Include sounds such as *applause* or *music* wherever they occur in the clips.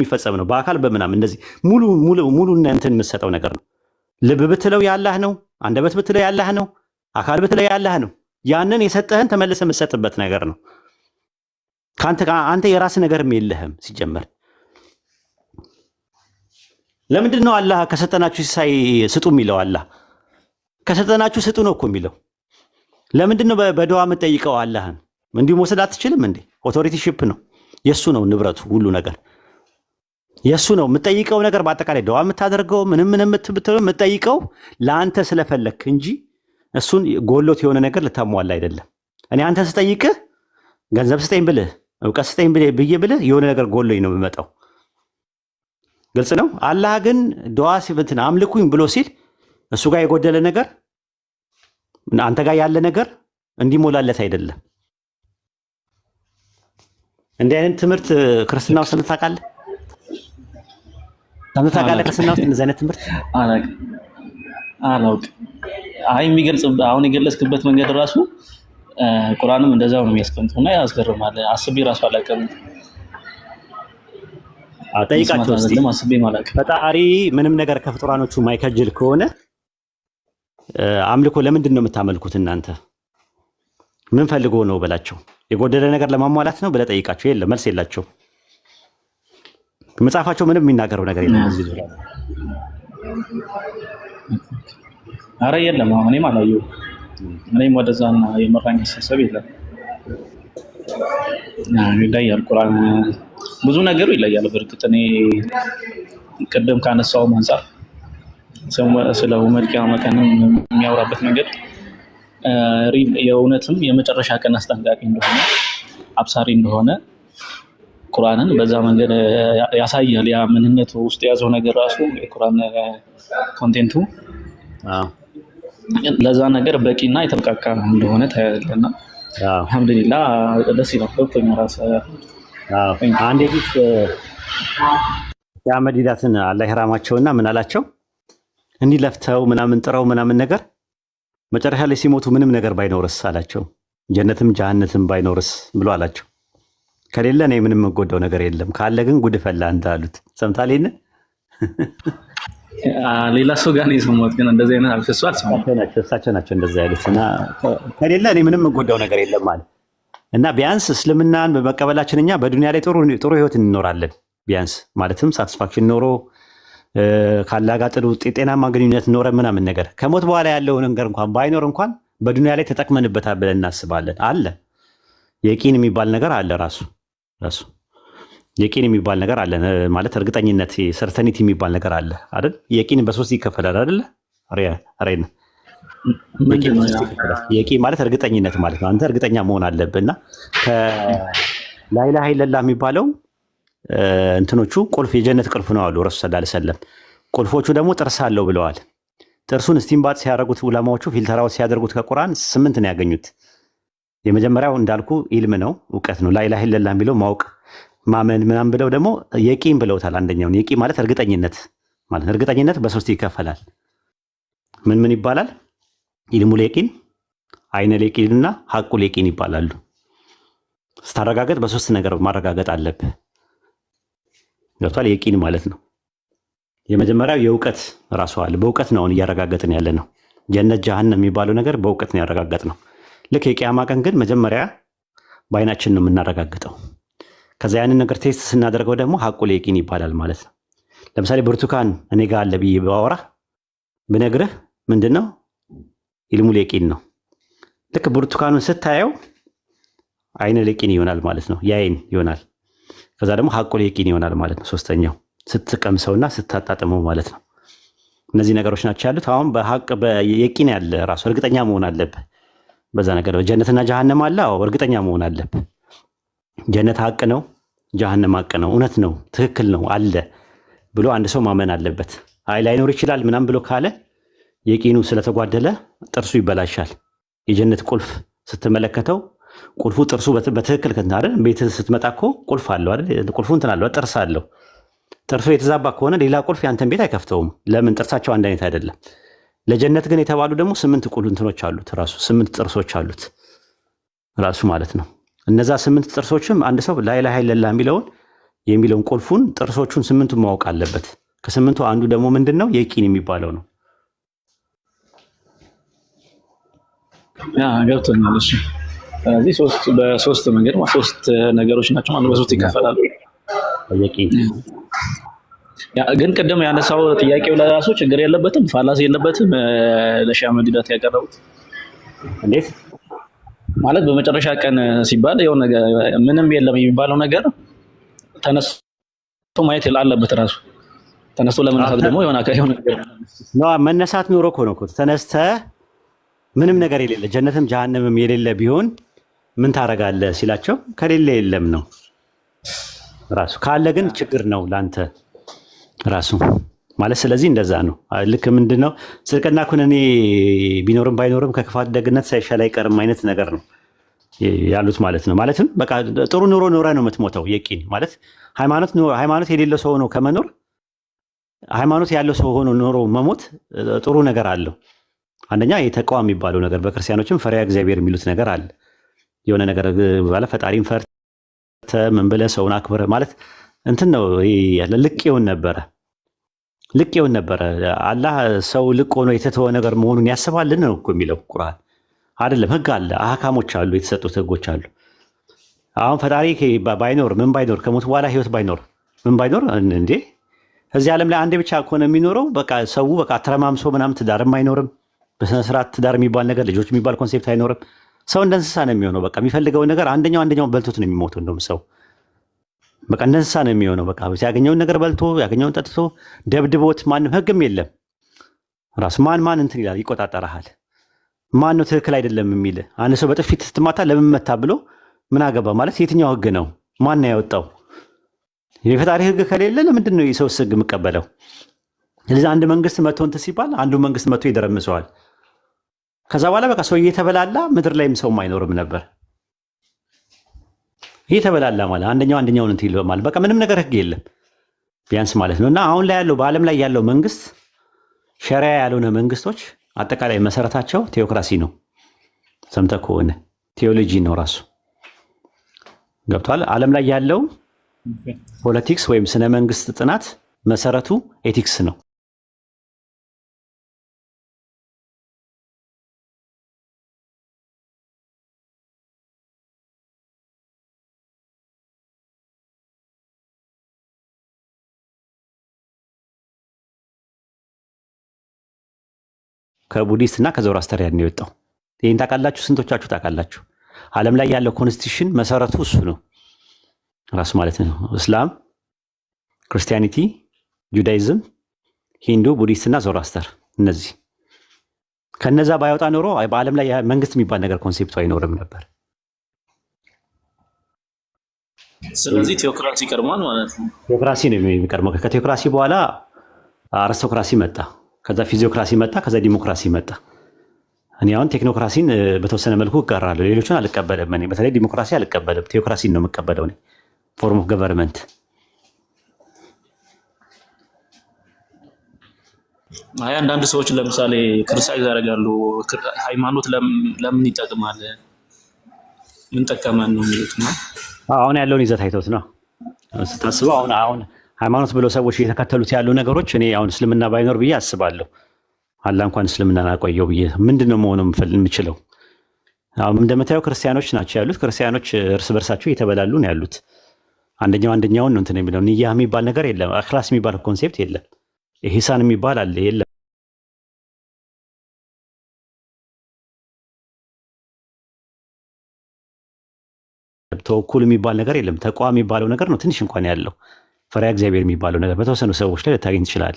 የሚፈጸም ነው። በአካል በምናም እንደዚህ ሙሉ ሙሉ ሙሉ እንትን የምትሰጠው ነገር ነው። ልብ ብትለው ያላህ ነው። አንደበት ብትለው ያላህ ነው። አካል ብትለው ያላህ ነው። ያንን የሰጠህን ተመልሰ የምሰጥበት ነገር ነው። ከአንተ አንተ የራስ ነገርም የለህም ሲጀመር። ለምንድን ነው አላህ ከሰጠናችሁ ሲሳይ ስጡ የሚለው? አላህ ከሰጠናችሁ ስጡ ነው እኮ የሚለው። ለምንድን ነው በደዋ አላህ አላህን? እንዲሁ መውሰድ አትችልም እንዴ? ኦቶሪቲ ሺፕ ነው የእሱ ነው ንብረቱ ሁሉ ነገር የእሱ ነው የምጠይቀው ነገር በአጠቃላይ ደዋ የምታደርገው ምንም ምንም የምጠይቀው ለአንተ ስለፈለግክ እንጂ እሱን ጎሎት የሆነ ነገር ልታሟላ አይደለም። እኔ አንተ ስጠይቅህ ገንዘብ ስጠኝ ብልህ እውቀት ስጠኝ ብዬ ብልህ የሆነ ነገር ጎሎኝ ነው የምመጣው። ግልጽ ነው። አላህ ግን ደዋ ሲብትን አምልኩኝ ብሎ ሲል እሱ ጋር የጎደለ ነገር አንተ ጋር ያለ ነገር እንዲሞላለት አይደለም። እንዲህ አይነት ትምህርት ክርስትና ውስጥ ታውቃለህ። ሰምተህ ታውቃለህ? ውስጥ እንደዚህ አይነት ትምህርት አይ የሚገልጽ አሁን የገለጽክበት መንገድ ራሱ ቁርአንም እንደዛው ነው የሚያስቀምጠው እና ያስገርማል። አስቤ ራሱ አላውቅም። ጠይቃቸው ፈጣሪ ምንም ነገር ከፍጡራኖቹ ማይከጅል ከሆነ አምልኮ ለምንድን ነው የምታመልኩት እናንተ? ምን ፈልጎ ነው በላቸው። የጎደለ ነገር ለማሟላት ነው ብለህ ጠይቃቸው። የለም መልስ የላቸው መጽሐፋቸው ምንም የሚናገረው ነገር የለም እዚህ ዙሪያ። አረ የለም፣ እኔም አላየሁም። እኔም ወደዛና የመራኝ አሳሰብ የለም። ይለያል ቁርአን ብዙ ነገሩ ይለያል። በእርግጥ እኔ ቅድም ካነሳው አንጻር ስለ ውመል ቂያማ ቀንም የሚያወራበት መንገድ የእውነትም የመጨረሻ ቀን አስጠንቃቂ እንደሆነ አብሳሪ እንደሆነ ቁርአንን በዛ መንገድ ያሳያል። ያ ምንነቱ ውስጥ የያዘው ነገር ራሱ የቁርአን ኮንቴንቱ ለዛ ነገር በቂና የተብቃቃ እንደሆነ ታያለና አልሐምዱሊላ ደስ ይላል። ገብቶኛ ራስ አንድ ፊት የአህመድ ሂዳትን አላህ ይራማቸውና ምን አላቸው እንዲህ ለፍተው ምናምን ጥረው ምናምን ነገር መጨረሻ ላይ ሲሞቱ ምንም ነገር ባይኖርስ አላቸው ጀነትም ጀሃነትም ባይኖርስ ብሎ አላቸው። ከሌለ እኔ ምንም የምጎዳው ነገር የለም። ካለ ግን ጉድፈላ እንዳሉት ሰምታል ሌላ ሰው ጋር የሰሙት ግን እንደዚህ አይነት አልፈሱ እሳቸው ናቸው እንደዚህ ያሉት እና ከሌለ እኔ ምንም የምጎዳው ነገር የለም ማለት እና ቢያንስ እስልምናን በመቀበላችን እኛ በዱንያ ላይ ጥሩ ህይወት እንኖራለን። ቢያንስ ማለትም ሳትስፋክሽን ኖሮ ካላ ጋር ጥሩ ጤናማ ግንኙነት ኖረ ምናምን ነገር ከሞት በኋላ ያለው ነገር እንኳን ባይኖር እንኳን በዱንያ ላይ ተጠቅመንበታል ብለን እናስባለን። አለ የቂን የሚባል ነገር አለ ራሱ እሱ የቂን የሚባል ነገር አለ ማለት እርግጠኝነት ሰርተኒት የሚባል ነገር አለ አይደል? የቂን በሶስት ይከፈላል አይደለ? ሬን የቂን ማለት እርግጠኝነት ማለት ነው። አንተ እርግጠኛ መሆን አለብህ እና ከላይላ ሀይለላ የሚባለው እንትኖቹ ቁልፍ የጀነት ቁልፍ ነው አሉ ረሱ ስላ ሰለም። ቁልፎቹ ደግሞ ጥርስ አለው ብለዋል። ጥርሱን ስቲምባት ሲያደርጉት ዑለማዎቹ ፊልተራዎች ሲያደርጉት ከቁርአን ስምንት ነው ያገኙት። የመጀመሪያው እንዳልኩ ኢልም ነው እውቀት ነው። ላኢላሀ ለላ የሚለው ማወቅ ማመን ምናምን ብለው ደግሞ የቂን ብለውታል። አንደኛውን የቂ ማለት እርግጠኝነት ማለት እርግጠኝነት በሶስት ይከፈላል። ምን ምን ይባላል? ኢልሙ ሌቂን፣ አይነ ሌቂን እና ሀቁ ሌቂን ይባላሉ። ስታረጋገጥ በሶስት ነገር ማረጋገጥ አለብህ። ገብቷል? የቂን ማለት ነው። የመጀመሪያው የእውቀት ራሱ አለ። በእውቀት ነው አሁን እያረጋገጥን ያለ ነው። ጀነት ጀሃነም የሚባለው ነገር በእውቀት ነው ያረጋገጥ ነው። ልክ የቅያማ ቀን ግን መጀመሪያ በአይናችን ነው የምናረጋግጠው። ከዛ ያንን ነገር ቴስት ስናደርገው ደግሞ ሀቁል የቂን ይባላል ማለት ነው። ለምሳሌ ብርቱካን እኔ ጋር አለ ብዬ ባወራህ ብነግርህ ምንድን ነው ኢልሙል የቂን ነው። ልክ ብርቱካኑን ስታየው አይነ ለቂን ይሆናል ማለት ነው። የአይን ይሆናል። ከዛ ደግሞ ሀቁ የቂን ይሆናል ማለት ነው። ሶስተኛው ስትቀምሰውና ስታጣጥመው ማለት ነው። እነዚህ ነገሮች ናቸው ያሉት። አሁን በሀቅ በየቂን ያለ ራሱ እርግጠኛ መሆን አለብህ። በዛ ነገር ጀነትና ጀሃነም አለ። አዎ እርግጠኛ መሆን አለብ። ጀነት ሀቅ ነው፣ ጀሃነም ሀቅ ነው፣ እውነት ነው፣ ትክክል ነው አለ ብሎ አንድ ሰው ማመን አለበት። አይ ላይኖር ይችላል ምናም ብሎ ካለ የቂኑ ስለተጓደለ ጥርሱ ይበላሻል። የጀነት ቁልፍ ስትመለከተው ቁልፉ ጥርሱ በትክክል ከትናደን ቤት ስትመጣ እኮ ቁልፍ አለው አይደል? ቁልፉ እንትን አለው ጥርስ አለው። ጥርሱ የተዛባ ከሆነ ሌላ ቁልፍ ያንተን ቤት አይከፍተውም። ለምን? ጥርሳቸው አንድ አይነት አይደለም። ለጀነት ግን የተባሉ ደግሞ ስምንት ቁልንትኖች አሉት ራሱ ስምንት ጥርሶች አሉት ራሱ ማለት ነው። እነዛ ስምንት ጥርሶችም አንድ ሰው ላይላሀ ኢለላህ የሚለውን የሚለውን ቁልፉን ጥርሶቹን ስምንቱ ማወቅ አለበት። ከስምንቱ አንዱ ደግሞ ምንድን ነው? የቂን የሚባለው ነው። ገብቶኛል። እሺ እዚህ በሶስት መንገድ ሶስት ነገሮች ናቸው። አንዱ በሶስት ይከፈላሉ። የቂን ግን ቅድም ያነሳው ጥያቄው ለራሱ ችግር የለበትም፣ ፋላስ የለበትም። ለሻ መዲዳት ያቀረቡት እንዴት ማለት በመጨረሻ ቀን ሲባል የሆነ ምንም የለም የሚባለው ነገር ተነስቶ ማየት አለበት። ራሱ ተነስቶ ለመነሳት ደግሞ የሆነ ነገር መነሳት ኖሮ እኮ ነው። ተነስተ ምንም ነገር የሌለ ጀነትም ጀሃነምም የሌለ ቢሆን ምን ታደርጋለህ ሲላቸው ከሌለ የለም ነው ራሱ ካለ ግን ችግር ነው ላንተ ራሱ ማለት ስለዚህ እንደዛ ነው። ልክ ምንድን ነው ጽድቅና ኩነኔ ቢኖርም ባይኖርም ከክፋት ደግነት ሳይሻል አይቀርም አይነት ነገር ነው ያሉት ማለት ነው። ማለትም በቃ ጥሩ ኑሮ ኖረ ነው የምትሞተው። የቂን ማለት ሃይማኖት የሌለው ሰው ሆኖ ከመኖር ሃይማኖት ያለው ሰው ሆኖ ኖሮ መሞት ጥሩ ነገር አለው። አንደኛ የተቃዋ የሚባለው ነገር በክርስቲያኖችም ፈሪያ እግዚአብሔር የሚሉት ነገር አለ። የሆነ ነገር ፈጣሪን ፈርተ ምን ሰውን አክብር ማለት እንትን ነው ያለ ልቄውን ነበረ ልቄውን ነበረ። አላህ ሰው ልቅ ሆኖ የተተወ ነገር መሆኑን ያስባልን ነው የሚለው ቁርአን። አይደለም ህግ አለ፣ አህካሞች አሉ፣ የተሰጡት ህጎች አሉ። አሁን ፈጣሪ ባይኖር ምን ባይኖር ከሞት በኋላ ህይወት ባይኖር ምን ባይኖር እንዴ እዚህ ዓለም ላይ አንዴ ብቻ ከሆነ የሚኖረው በቃ ሰው በቃ ተረማምሶ ምናምን ትዳርም አይኖርም። በስነስርዓት ትዳር የሚባል ነገር ልጆች የሚባል ኮንሴፕት አይኖርም። ሰው እንደ እንስሳ ነው የሚሆነው። በቃ የሚፈልገው ነገር አንደኛው አንደኛው በልቶት ነው የሚሞተው። እንደውም ሰው በቃ እንደ እንስሳ ነው የሚሆነው። በቃ ያገኘውን ነገር በልቶ ያገኘውን ጠጥቶ ደብድቦት፣ ማንም ህግም የለም። ራሱ ማን ማን እንትን ይላል፣ ይቆጣጠረሃል። ማን ነው ትክክል አይደለም የሚል አንድ ሰው በጥፊት ስትማታ ለምን መታ ብሎ ምን አገባ ማለት የትኛው ህግ ነው? ማን ነው ያወጣው? የፈጣሪ ህግ ከሌለ ለምንድን ነው የሰውስ ህግ የምቀበለው? ስለዚህ አንድ መንግስት መቶ እንትን ሲባል አንዱ መንግስት መቶ ይደረምሰዋል። ከዛ በኋላ በቃ ሰው እየተበላላ ምድር ላይም ሰውም አይኖርም ነበር። የተበላላ ማለት አንደኛው አንደኛውን እንትን ይል ማለት በቃ ምንም ነገር ህግ የለም ቢያንስ ማለት ነው። እና አሁን ላይ ያለው በዓለም ላይ ያለው መንግስት ሸሪያ ያልሆነ መንግስቶች አጠቃላይ መሰረታቸው ቴዎክራሲ ነው። ሰምተ ከሆነ ቴዎሎጂ ነው ራሱ ገብቷል። ዓለም ላይ ያለው ፖለቲክስ ወይም ስነ መንግስት ጥናት መሰረቱ ኤቲክስ ነው። ከቡዲስት እና ከዘውራስተሪያን ነው የወጣው። ይህን ታውቃላችሁ፣ ስንቶቻችሁ ታውቃላችሁ? ዓለም ላይ ያለው ኮንስቲቱሽን መሰረቱ እሱ ነው ራሱ ማለት ነው። እስላም፣ ክርስቲያኒቲ፣ ጁዳይዝም፣ ሂንዱ፣ ቡዲስት እና ዘውራስተር እነዚህ ከነዛ ባይወጣ ኖሮ በዓለም ላይ መንግስት የሚባል ነገር ኮንሴፕቱ አይኖርም ነበር። ስለዚህ ቴዎክራሲ ቀድሟል ማለት ነው። ቴዎክራሲ ነው የሚቀድመው። ከቴዎክራሲ በኋላ አርስቶክራሲ መጣ። ከዛ ፊዚዮክራሲ መጣ፣ ከዛ ዲሞክራሲ መጣ። እኔ አሁን ቴክኖክራሲን በተወሰነ መልኩ እጋራለሁ፣ ሌሎችን አልቀበልም። እኔ በተለይ ዲሞክራሲ አልቀበልም፣ ቴዎክራሲን ነው የምቀበለው። እኔ ፎርም ኦፍ ገቨርንመንት አይ አንዳንድ ሰዎች ለምሳሌ ክርስቲያን ያደርጋሉ። ሃይማኖት ለምን ይጠቅማል? ምን ጠቀመን ነው የሚሉት ነው። አሁን ያለውን ይዘት አይተውት ነው ስታስበው አሁን አሁን ሃይማኖት ብለው ሰዎች እየተከተሉት ያሉ ነገሮች እኔ አሁን እስልምና ባይኖር ብዬ አስባለሁ። አላ እንኳን እስልምና ናቆየው ብዬ ምንድን ነው መሆኑ የምችለው? እንደምታየው ክርስቲያኖች ናቸው ያሉት። ክርስቲያኖች እርስ በርሳቸው እየተበላሉ ነው ያሉት። አንደኛው አንደኛውን ነው እንትን የሚለው ንያ የሚባል ነገር የለም። አክላስ የሚባል ኮንሴፕት የለም። ኢህሳን የሚባል አለ የለም። ተወኩል የሚባል ነገር የለም። ተቋም የሚባለው ነገር ነው ትንሽ እንኳን ያለው ፈሪሃ እግዚአብሔር የሚባለው ነገር በተወሰኑ ሰዎች ላይ ልታገኝ ትችላል።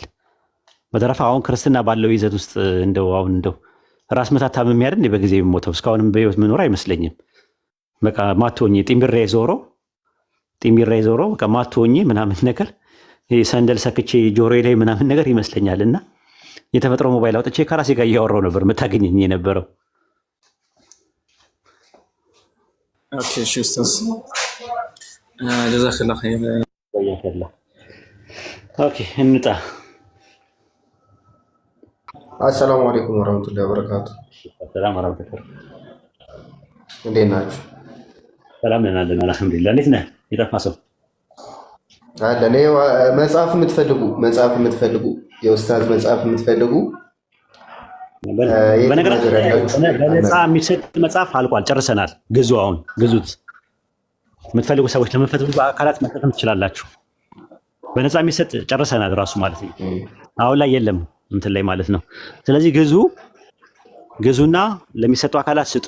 በተረፈ አሁን ክርስትና ባለው ይዘት ውስጥ እንደው አሁን እንደው ራስ መታታም እንዴ በጊዜ የሚሞተው እስካሁንም በህይወት መኖር አይመስለኝም። በቃ ማትሆኝ ጢምቢሬ ዞሮ ጢምቢሬ ዞሮ በቃ ማትሆኝ ምናምን ነገር ሰንደል ሰክቼ ጆሮ ላይ ምናምን ነገር ይመስለኛል። እና የተፈጥሮ ሞባይል አውጥቼ ከራሴ ጋር እያወራው ነበር የምታገኘኝ የነበረው። ጀዛክላ እየፈላ ኦኬ፣ እንጣ አሰላሙ አለይኩም ወረህመቱላሂ ወበረካቱ። ሰላም ወረህመቱላሂ እንዴት ናችሁ? ሰላም ነን አለን። አልሐምዱሊላህ። እንዴት ነህ? የጠፋ ሰው አለ። መጽሐፍ የምትፈልጉ መጽሐፍ የምትፈልጉ የኡስታዝ መጽሐፍ የምትፈልጉ በነፃ የሚሰጥ መጽሐፍ አልቋል፣ ጨርሰናል። ግዙ፣ አሁን ግዙት። የምትፈልጉ ሰዎች ለመንፈት አካላት መጠቀም ትችላላችሁ። በነፃ የሚሰጥ ጨርሰናል ራሱ ማለት ነው። አሁን ላይ የለም እንትን ላይ ማለት ነው። ስለዚህ ግዙ ግዙና ለሚሰጡ አካላት ስጡ።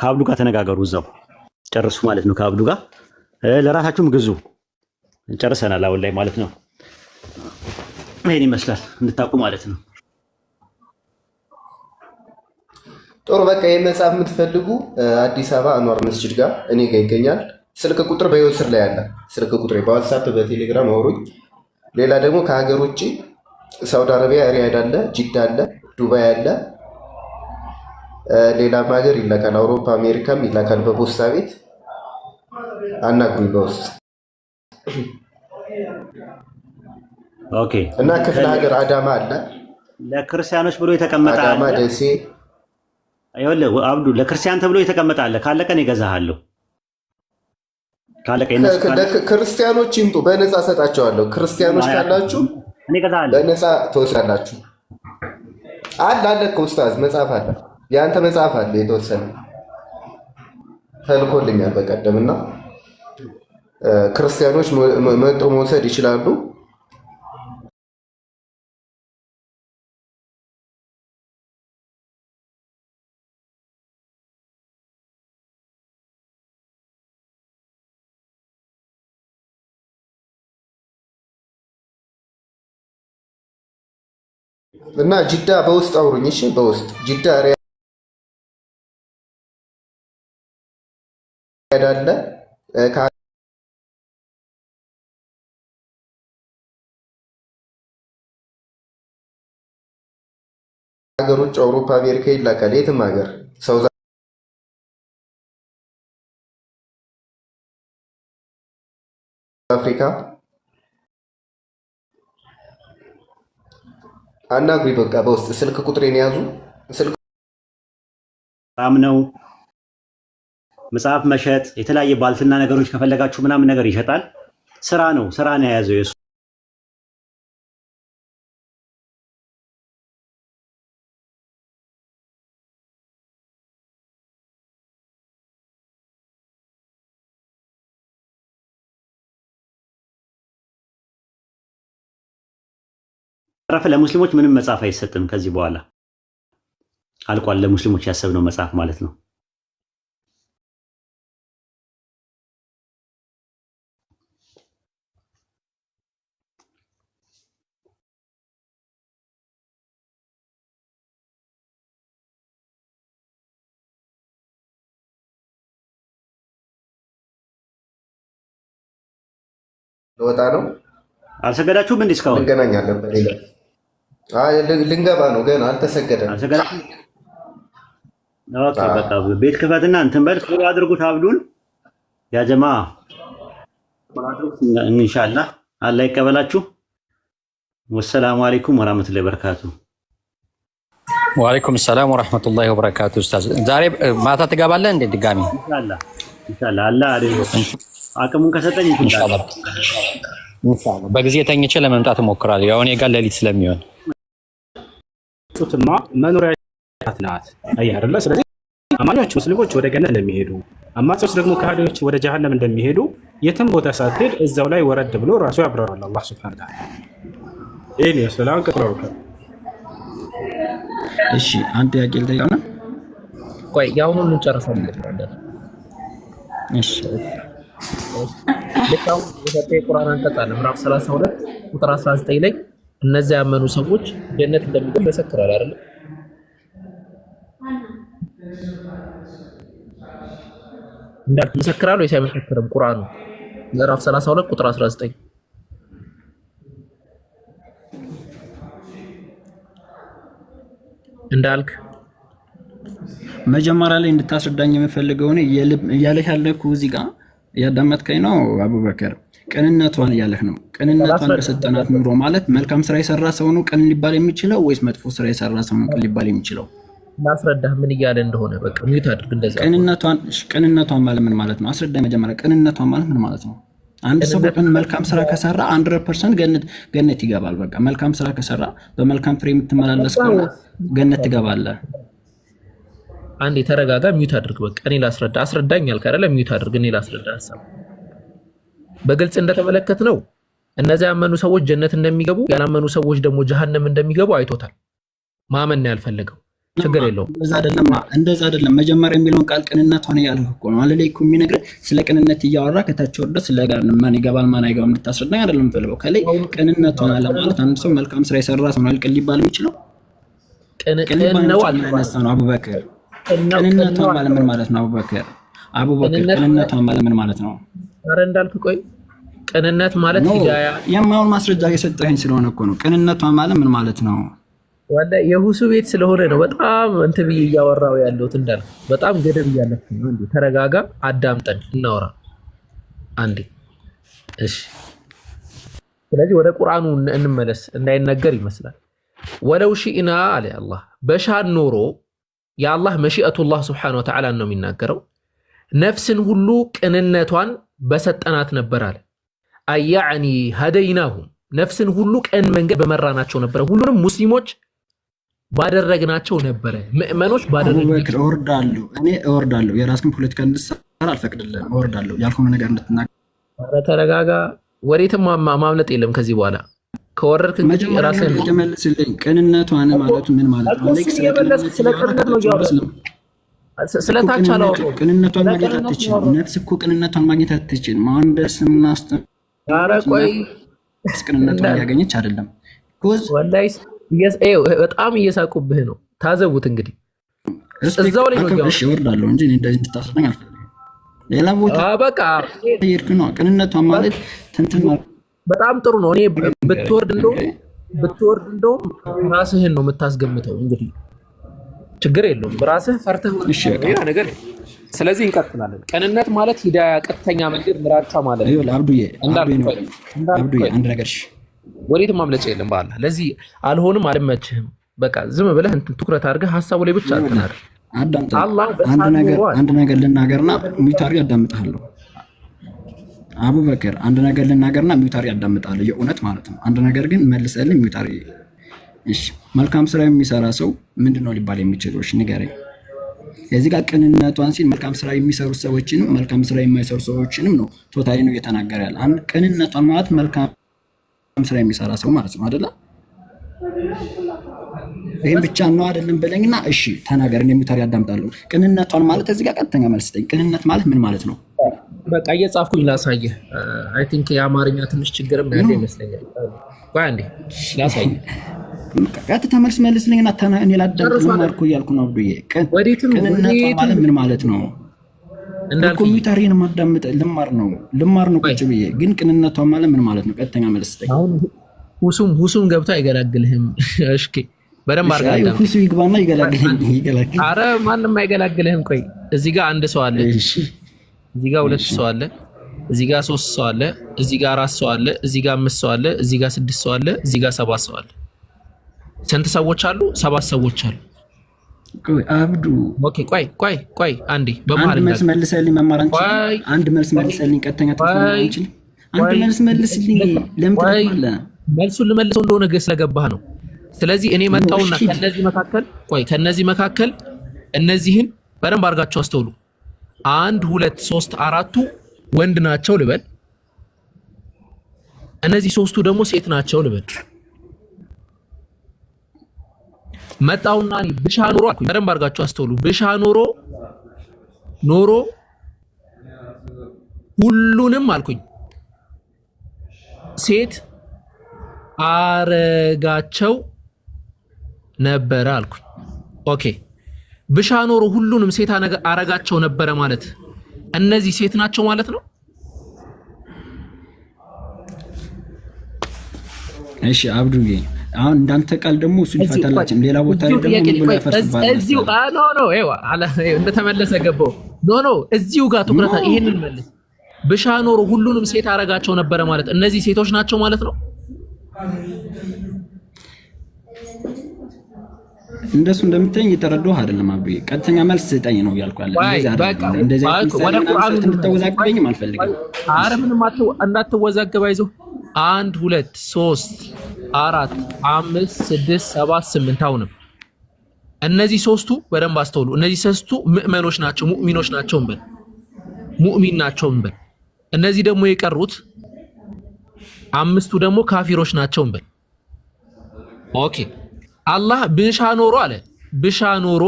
ከአብዱ ጋር ተነጋገሩ፣ እዛው ጨርሱ ማለት ነው። ከአብዱ ጋር ለራሳችሁም ግዙ። ጨርሰናል አሁን ላይ ማለት ነው። ይህን ይመስላል እንድታውቁ ማለት ነው። ጥሩ በቃ ይህን መጽሐፍ የምትፈልጉ አዲስ አበባ አኗር መስጅድ ጋር እኔ ጋር ይገኛል። ስልክ ቁጥር በህይወት ስር ላይ አለ። ስልክ ቁጥር በዋትሳፕ በቴሌግራም አውሩኝ። ሌላ ደግሞ ከሀገር ውጭ ሳውዲ አረቢያ ሪያድ አለ፣ ጅዳ አለ፣ ዱባይ አለ። ሌላም ሀገር ይላካል፣ አውሮፓ አሜሪካም ይላካል። በፖስታ ቤት አናግሩኝ በውስጥ ኦኬ። እና ክፍለ ሀገር አዳማ አለ ለክርስቲያኖች ብሎ የተቀመጠ አዳማ፣ ደሴ አብዱ ለክርስቲያን ተብሎ የተቀመጠ አለ። ካለቀን ይገዛሃለሁ ክርስቲያኖች ይምጡ፣ በነፃ ሰጣቸዋለሁ። ክርስቲያኖች ካላችሁ በነፃ ትወስዳላችሁ። አለ አለ እኮ ኡስታዝ መጽሐፍ አለ፣ የአንተ መጽሐፍ አለ የተወሰነ ተልኮልኛል በቀደምና ክርስቲያኖች መጥቶ መውሰድ ይችላሉ። እና ጅዳ በውስጥ አውሩኝ። እሺ በውስጥ ጅዳ ሪያድ አለ ከሀገር ውጭ አውሮፓ፣ አሜሪካ ይላካል። የትም ሀገር ሳውዝ አፍሪካ አናግሪ በቃ በውስጥ ስልክ ቁጥሬን ያዙ። ስልክ ነው መጽሐፍ መሸጥ የተለያየ ባልትና ነገሮች ከፈለጋችሁ ምናምን ነገር ይሸጣል። ስራ ነው ስራ ነው የያዘው የሱ ረፈ ለሙስሊሞች ምንም መጽሐፍ አይሰጥም ከዚህ በኋላ አልቋል። ለሙስሊሞች ያሰብነው መጽሐፍ ማለት ነው። ወጣ ነው። አልሰገዳችሁም እንዲህ እስካሁን እንገናኛለን። ልንገባ ነው ገና አልተሰገደም። ቤት ክፈትና እንትን በል አድርጉት። አብዱን ያጀማ እንሻላ አላ ይቀበላችሁ። ወሰላሙ አሌይኩም ወራህመቱላሂ ወበረካቱ። ወአሌይኩም ሰላም ወራህመቱላሂ ወበረካቱ። ኡስታዝ ዛሬ ማታ ትገባለህ እንዴ? ድጋሚ አቅሙን ከሰጠኝ በጊዜ ተኝቼ ለመምጣት እሞክራለሁ። ያው እኔ ጋር ሌሊት ስለሚሆን ጩትማ መኖሪያ ናት። አየህ አይደለ? ስለዚህ አማኞች ሙስሊሞች ወደ ገነት እንደሚሄዱ አማኞች ደግሞ ከሃዲዎች ወደ ጀሃነም እንደሚሄዱ የትም ቦታ ሳትሄድ እዛው ላይ ወረድ ብሎ ራሱ ያብራራል አላህ ሱብሃነሁ ወተዓላ። ይህን ይመስላል። አንቀጥለው እሺ፣ አንድ ጥያቄ ልጠይቅ ነው። ቆይ የአሁኑን እንጨርሳለን። እሺ ልክ አሁን የሰጠ የቁርአን አንቀጽ አለ ምዕራፍ 32 ቁጥር 19 ላይ እነዚያ ያመኑ ሰዎች ገነት እንደሚገቡ መሰክራል አይደል? እንዳልክ ይመሰክራል ወይስ አይመሰክርም? ቁርአኑ ምዕራፍ 32 ቁጥር 19 እንዳልክ መጀመሪያ ላይ እንድታስረዳኝ የምፈልገው እኔ እያለሽ ያለኩ እዚህ ጋር ያዳመጥከኝ ነው አቡበከር ቅንነቷን እያለህ ነው። ቅንነቷን በሰጠናት ኑሮ ማለት መልካም ስራ የሰራ ሰው ነው ቅን ሊባል የሚችለው ወይስ መጥፎ ስራ የሰራ ሰው ነው ቅን ሊባል የሚችለው? ላስረዳህ ምን እያለ እንደሆነ በቃ ሚዩት አድርግ። እንደዛ ቅንነቷን ማለት ምን ማለት ነው? አስረዳ መጀመሪያ። ቅንነቷን ማለት ምን ማለት ነው? አንድ ሰው በቅን መልካም ስራ ከሰራ አንድ ፐርሰንት ገነት ገነት ይገባል። በቃ መልካም ስራ ከሰራ በመልካም ፍሬ የምትመላለስ ከሆነ ገነት ትገባለህ። አንድ የተረጋጋ ሚዩት አድርግ። በቃ እኔ ላስረዳ። አስረዳኝ ያልክ ሚዩት አድርግ። እኔ ላስረዳ ሀሳብ በግልጽ እንደተመለከት ነው እነዚያ ያመኑ ሰዎች ጀነት እንደሚገቡ ያላመኑ ሰዎች ደግሞ ጀሃነም እንደሚገቡ አይቶታል። ማመን ያልፈለገው። ችግር የለውም። እንደዛ አይደለም፣ መጀመሪያ የሚለውን ቃል ቅንነት ሆነ ያለ እኮ ነው። አለላይ የሚነግር ስለ ቅንነት እያወራ ከታች ወርደ ስለ ማን ይገባል ማን አይገባ ልታስረዳኝ አይደለም ፈልገው። ከላይ ቅንነት ሆነ ለማለት አንድ ሰው መልካም ስራ የሰራ ሰው ነው ቅን ሊባል የሚችለው ቅን ነው አቡበክር። ቅንነት ሆነ ማለት ምን ማለት ነው አቡበክር? አቡበክር ቅንነት ሆነ ማለት ምን ማለት ነው? ኧረ እንዳልክ ቆይ ቅንነት ማለት ሂዳያ የማይሆን ማስረጃ የሰጠኸኝ ስለሆነ እኮ ነው። ቅንነት ማለት ምን ማለት ነው? ዋላ የሁሱ ቤት ስለሆነ ነው። በጣም እንትን ብዬ እያወራው ያለሁት እንዳል በጣም ገደብ እያለፍ ነው። እንዴ ተረጋጋ፣ አዳምጠን እናወራ አንዴ። እሺ፣ ስለዚህ ወደ ቁርአኑ እንመለስ። እንዳይነገር ይመስላል። ወለው ሺእና አለ አላህ በሻን ኖሮ የአላህ መሺአቱላህ ስብሓነሁ ወተዓላ ነው የሚናገረው ነፍስን ሁሉ ቅንነቷን በሰጠናት ነበር አለ። አያዕኒ ሀደይናሁም ነፍስን ሁሉ ቀን መንገድ በመራናቸው ነበረ። ሁሉንም ሙስሊሞች ባደረግናቸው ነበረ። ምዕመኖች ባደረግናቸው እወርዳለሁ፣ እኔ እወርዳለሁ። የራስን ፖለቲካ እንድትሰራ አልፈቅድልህም። እወርዳለሁ። ያልሆነ ነገር እንድትናገር ተረጋጋ። ወዴትም ማምለጥ የለም ከዚህ በኋላ ከወረድክ እንግዲህ ቅንነቷን ማለቱ ምን ማለት ነው? ስለ ቅንነት ነው። ስለታቻለው ቅንነቷን ማግኘት አትችልም። ነፍስ እኮ ቅንነቷን ማግኘት ቅንነቷን እያገኘች አይደለም። በጣም እየሳቁብህ ነው። ታዘቡት እንግዲህ እዛው ላይ ይወርዳለሁ እንጂ እንደዚህ እንድታስረኝ አልፈልግም። ሌላ ቦታ በቃ ሄድክ ነው። ቅንነቷን ማለት ትንትን በጣም ጥሩ ነው። እኔ ብትወርድ እንደውም ብትወርድ እንደውም ራስህን ነው የምታስገምተው እንግዲህ ችግር የለውም። በራስህ ፈርተህ ሌላ ነገር ስለዚህ እንቀጥላለን። ቀንነት ማለት ሂዳያ፣ ቀጥተኛ መንገድ፣ ምራቻ ማለት ወዴት ማምለጫ የለም። በአላ ለዚህ አልሆንም አልመችህም፣ በቃ ዝም ብለህ እንትን ትኩረት አድርገህ ሀሳቡ ላይ ብቻ አትናር። አንድ ነገር ልናገርና ሚታሪ ያዳምጣለሁ። አቡበክር አንድ ነገር ልናገርና ሚታሪ ያዳምጣለሁ። የእውነት ማለት ነው። አንድ ነገር ግን መልሰልኝ ሚታሪ እሺ መልካም ስራ የሚሰራ ሰው ምንድን ነው ሊባል የሚችለው? ንገረኝ። የዚህ ጋር ቅንነቷን ሲል መልካም ስራ የሚሰሩ ሰዎችንም መልካም ስራ የማይሰሩ ሰዎችንም ነው ቶታሊ ነው እየተናገረ ያለ። አንድ ቅንነቷን ማለት መልካም ስራ የሚሰራ ሰው ማለት ነው አይደለ? ይህም ብቻ ነው አይደለም ብለኝና እሺ ተናገር የሚታሪ ያዳምጣለሁ። ቅንነቷን ማለት እዚህ ጋር ቀጥተኛ መልስ ስጠኝ። ቅንነት ማለት ምን ማለት ነው? በቃ እየጻፍኩኝ ላሳየ አይ ቲንክ የአማርኛ ትንሽ ችግርም ያለ ይመስለኛል። አንዴ ቀጥ ተመልስ መልስልኝና እኔ ላዳምጥ ነው እያልኩ ነው። ብዬ ቅንነቷ ምን ማለት ነው? ኮምፒውተሬን ማዳምጥ ልማር ነው ልማር ነው ቁጭ ብዬ። ግን ቅንነቷ ማለ ምን ማለት ነው? ቀጥተኛ መልስ ጠይቅ። ሁሱም ሁሱም ገብቶ አይገላግልህም። *laughs* እሺ በደንብ አድርጋ ሁሱ ይግባና ይገላግልህ። አረ ማንም አይገላግልህም። ቆይ እዚህ ጋር አንድ ሰው አለ፣ እዚህ ጋር ሁለት ሰው አለ እዚህ ጋር ሶስት ሰው አለ፣ እዚህ ጋር አራት ሰው አለ፣ እዚህ ጋር አምስት ሰው አለ፣ እዚህ ጋር ስድስት ሰው አለ፣ እዚህ ጋር ሰባት ሰው አለ። ስንት ሰዎች አሉ? ሰባት ሰዎች አሉ። አብዱ ኦኬ፣ ቆይ ቆይ ቆይ አንዴ፣ በመሀል አንድ መልስ መልሰልኝ። መማር አንድ መልስ መልሰልኝ። ቀጥተኛ አንድ መልስ መልስልኝ። መልሱን ልመልሰው እንደሆነ ገስ ስለገባህ ነው። ስለዚህ እኔ መጣውና ከነዚህ መካከል ቆይ፣ ከነዚህ መካከል እነዚህን በደንብ አድርጋቸው አስተውሉ። አንድ ሁለት ሶስት አራቱ ወንድ ናቸው ልበል፣ እነዚህ ሶስቱ ደግሞ ሴት ናቸው ልበል መጣውና ብሻ ኖሮ አልኩኝ። በደንብ አድርጋችሁ አስተውሉ። ብሻ ኖሮ ኖሮ ሁሉንም አልኩኝ ሴት አረጋቸው ነበረ አልኩኝ። ኦኬ ብሻ ኖሮ ሁሉንም ሴት አረጋቸው ነበረ ማለት እነዚህ ሴት ናቸው ማለት ነው። እሺ አብዱዬ አሁን እንዳንተ ቃል ደግሞ እሱ ይፈታላችም ሌላ ቦታ እንደተመለሰ ገባው ኖ ኖ እዚሁ ጋር ትኩረት ይሄንን መልስ ብሻ ኖሮ ሁሉንም ሴት አረጋቸው ነበረ ማለት እነዚህ ሴቶች ናቸው ማለት ነው። እንደሱ እንደምትለኝ እየተረዳሁ አይደለም። አብ ቀጥተኛ መልስ ስጠኝ ነው እያልኩ ያለ እንደዚህ ወደ ቁርአኑ አልፈልግም። አረ ምንም እንዳትወዛገብ አይዞህ አንድ ሁለት ሶስት አራት አምስት ስድስት ሰባት ስምንት አሁንም እነዚህ ሶስቱ በደንብ አስተውሉ። እነዚህ ሶስቱ ምእመኖች ናቸው፣ ሙእሚኖች ናቸው እንበል፣ ሙእሚን ናቸው እንበል። እነዚህ ደግሞ የቀሩት አምስቱ ደግሞ ካፊሮች ናቸው እንበል። ኦኬ አላህ ብሻ ኖሮ አለ ብሻ ኖሮ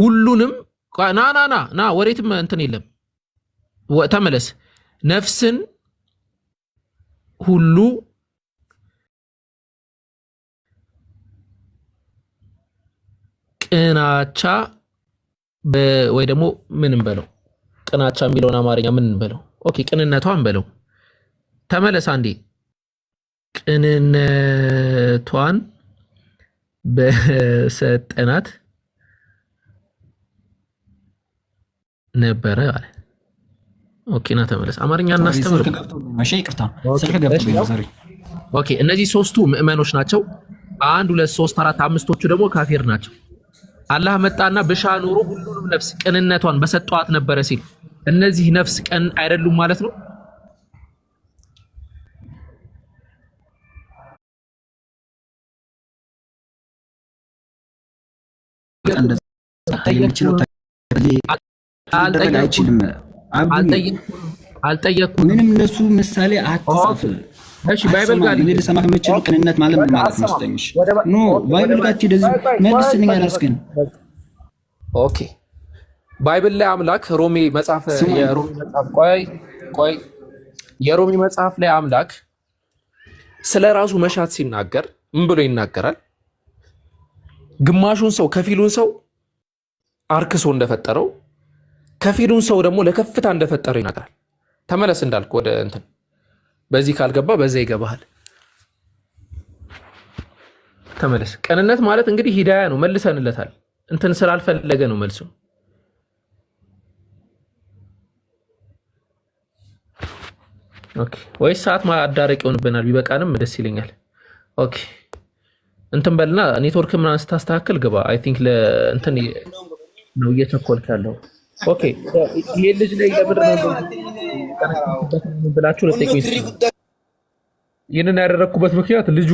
ሁሉንም ና ና ና ና ወዴትም እንትን የለም ተመለስ ነፍስን ሁሉ ቅናቻ ወይ ደግሞ ምን እንበለው፣ ቅናቻ የሚለውን አማርኛ ምን እንበለው? ኦኬ ቅንነቷ በለው። ተመለስ አንዴ። ቅንነቷን በሰጠናት ነበረ አለ። ኦኬ ና ተመለስ። አማርኛ እናስተምር። ኦኬ እነዚህ ሶስቱ ምዕመኖች ናቸው። አንድ ሁለት ሶስት አራት አምስቶቹ ደግሞ ካፊር ናቸው። አላህ መጣና ብሻ ኑሮ ሁሉንም ነፍስ ቅንነቷን በሰጠዋት ነበረ ሲል እነዚህ ነፍስ ቀን አይደሉም ማለት ነው። አልጠየቅኩም። ምንም ለሱ ምሳሌ እሺ ባይብል ጋር ቅንነት ማለት ምን ማለት ኖ ባይብል ጋር ትደዚ ኦኬ ባይብል ላይ አምላክ ሮሜ መጽሐፍ የሮሜ መጽሐፍ ቆይ ቆይ የሮሜ መጽሐፍ ላይ አምላክ ስለ ራሱ መሻት ሲናገር ምን ብሎ ይናገራል? ግማሹን ሰው ከፊሉን ሰው አርክሶ እንደፈጠረው ከፊሉን ሰው ደግሞ ለከፍታ እንደፈጠረ ይነግራል። ተመለስ እንዳልኩ ወደ እንትን በዚህ ካልገባ በዛ ይገባሃል። ተመለስ። ቅንነት ማለት እንግዲህ ሂዳያ ነው። መልሰንለታል። እንትን ስላልፈለገ ነው መልሱ። ወይስ ሰዓት ማዳረቅ ይሆንብናል። ቢበቃንም ደስ ይለኛል። ኦኬ እንትን በልና ኔትወርክ ምናምን ስታስተካክል ግባ። አይ ቲንክ ለእንትን ነው እየቸኮልክ ያለው ኦኬ ይሄ ልጅ ላይ ነው ብላችሁ ይህንን ያደረግኩበት ምክንያት ልጁ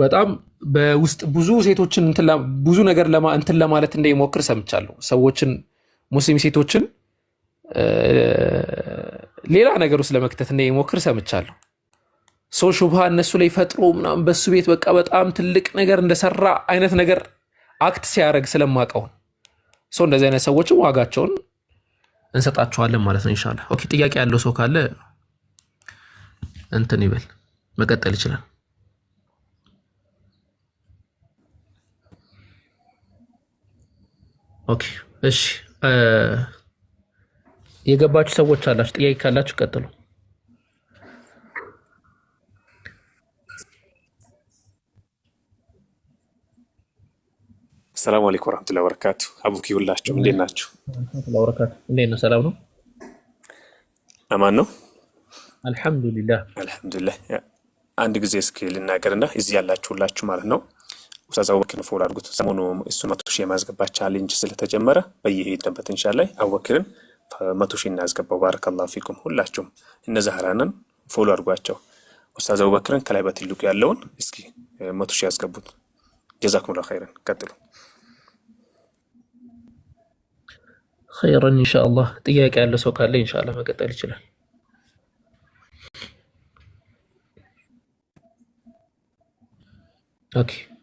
በጣም በውስጥ ብዙ ሴቶችን ብዙ ነገር እንትን ለማለት እንደሚሞክር ሰምቻለሁ። ሰዎችን ሙስሊም ሴቶችን ሌላ ነገር ውስጥ ለመክተት እንደሚሞክር ሰምቻለሁ። ሰው ሹብሃ እነሱ ላይ ፈጥሮ ምናምን በሱ ቤት በቃ በጣም ትልቅ ነገር እንደሰራ አይነት ነገር አክት ሲያደርግ ስለማቀውን ሰው እንደዚህ አይነት ሰዎችም ዋጋቸውን እንሰጣቸዋለን ማለት ነው ኢንሻአላህ። ኦኬ ጥያቄ ያለው ሰው ካለ እንትን ይበል መቀጠል ይችላል። ኦኬ እሺ፣ የገባችሁ ሰዎች አላችሁ ጥያቄ ካላችሁ ቀጥሉ። አሰላሙ አለይኩም ወራህመቱላሂ ወበረካቱ። አቡኪ ሁላችሁ እንዴት ናችሁ? እንዴት ነው? ሰላም ነው? አማን ነው? አልሐምዱሊላህ አልሐምዱሊላህ። አንድ ጊዜ እስኪ ልናገርና እዚህ ያላችሁ ሁላችሁ ማለት ነው ኡስታዝ አቡበክርን ፎሎ አድርጉት። ሰሞኑ እሱን መቶ ሺህ የማስገባት ቻሌንጅ ስለተጀመረ በየሄድንበት ኢንሻአላህ አቡበክርን መቶ ሺህ እናስገባው። ባረከላሁ ፊኩም ሁላችሁም። እነዛ ሀራንን ፎሎ አድርጓቸው። ኡስታዝ አቡበክርን ከላይ በትልቁ ያለውን እስኪ መቶ ሺህ ያስገቡት። ጀዛኩሙላሁ ኸይረን። ቀጥሉ ኸይረን ኢንሻአላህ። ጥያቄ ያለ ሰው ካለ ኢንሻአላህ መቀጠል ይችላል። ኦኬ